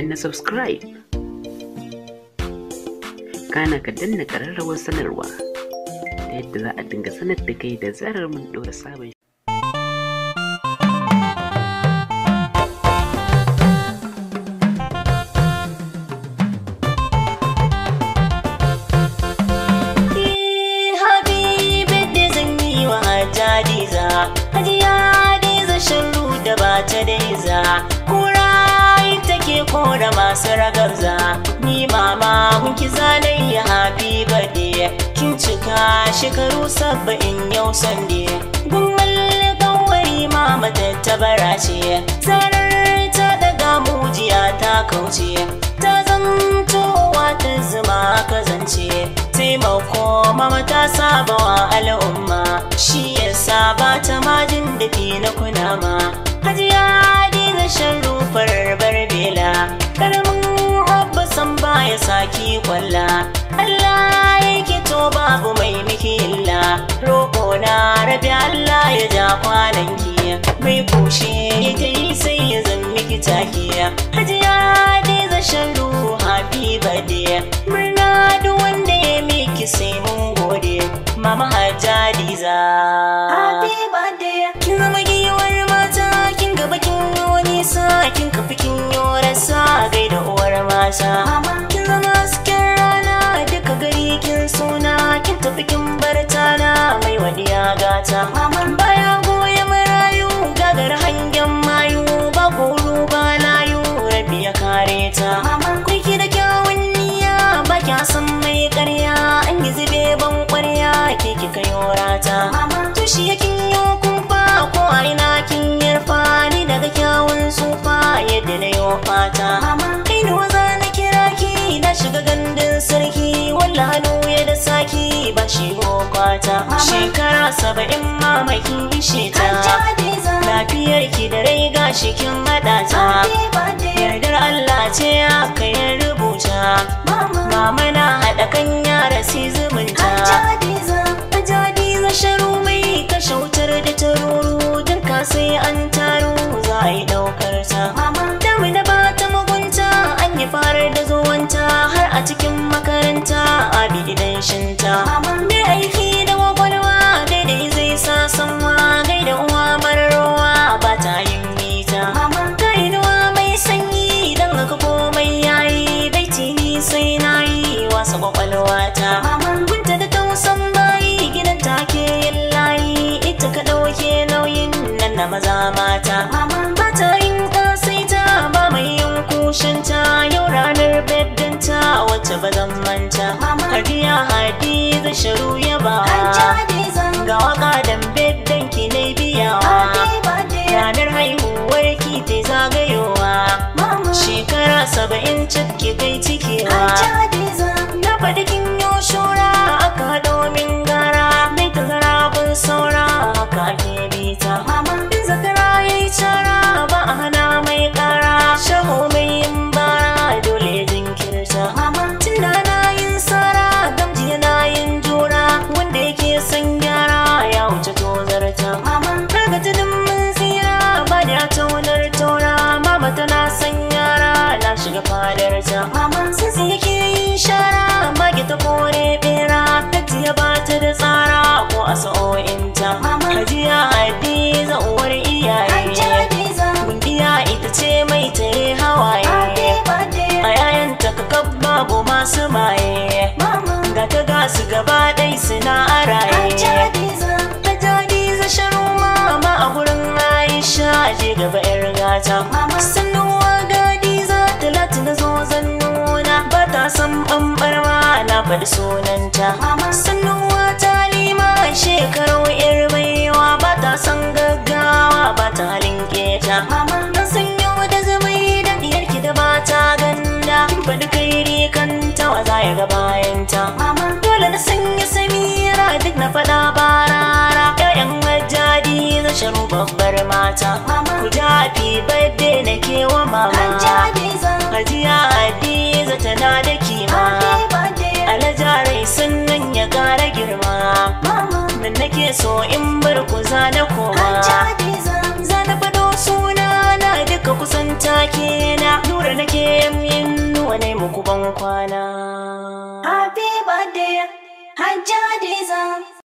danna subscribe kana ka danna ƙararrawar sanarwa ta yadda za a dinga sanar da kai da zarar mun ɗora sabon Hadiza, eh, Hajiya Hadiza shiru da ba ta daiza. ke kora masu ragarza ni mama ki zanai ya happy birthday kin cika shekaru saba'in yau sande gun mallakawari mama tabara ce zarar ta daga mujiya ta kauce ta zantowa ta zuma ka zance taimako mama ta saba wa al'umma shi yasa ba ta majin dafi na kunama hajiya dina sharu walla Allah yake to babu mai miki illa roƙo na rabi Allah ya ja kwananki mai kushe ya yi sai ya zan miki takiya hajiya dai zashen ruha Habiba badiya godiya gata baya goya marayu gagar hangen mayu ba koro ba layu rabi ya kare ta maman kuki da kyawun niyya ba kya san mai karya an yi zube ban kwarya keke ki kayo rata tushi ya kin yi kumfa ko a ina kin yarfa ni daga kyawun sufa yadda na yi fata maman kai waza na kira ki na shiga gandun sarki walla hannu ya da saki ba shi kwata. Cikin madata yardar Allah ce aka yi rubuta mama na haɗa kan yara si zumunta za sharu mai kashe da taruru, don sai an taru za a yi ɗauka kwakwalwata. shiga fadar ta maman yin shara mage ta kore bera hajiya ba ta da tsara ko a sa'o'in ta hajiya hadiza uwar iyaye gundiya ita ce mai tare hawaye a yayan ta kakab babu masu maye ga ta gasu gaba faɗi sunanta sannuwa ta nima shekaru yar baiwa ba ta san gaggawa ba ta linke ta na san yau da zamai da ki da ba ta ganda Ba faɗi kairi kanta wa za ya ga bayanta dole na sanya samira duk na faɗa rara ƴaƴan hajjadi zai sharu babbar mata ku ja fi na kewa mama hajiya hadiza tana da ke so in ku na koma zana fado suna na duka kusan take na nura nake yin nuwa ne muku ban kwana happy birthday hajjadiza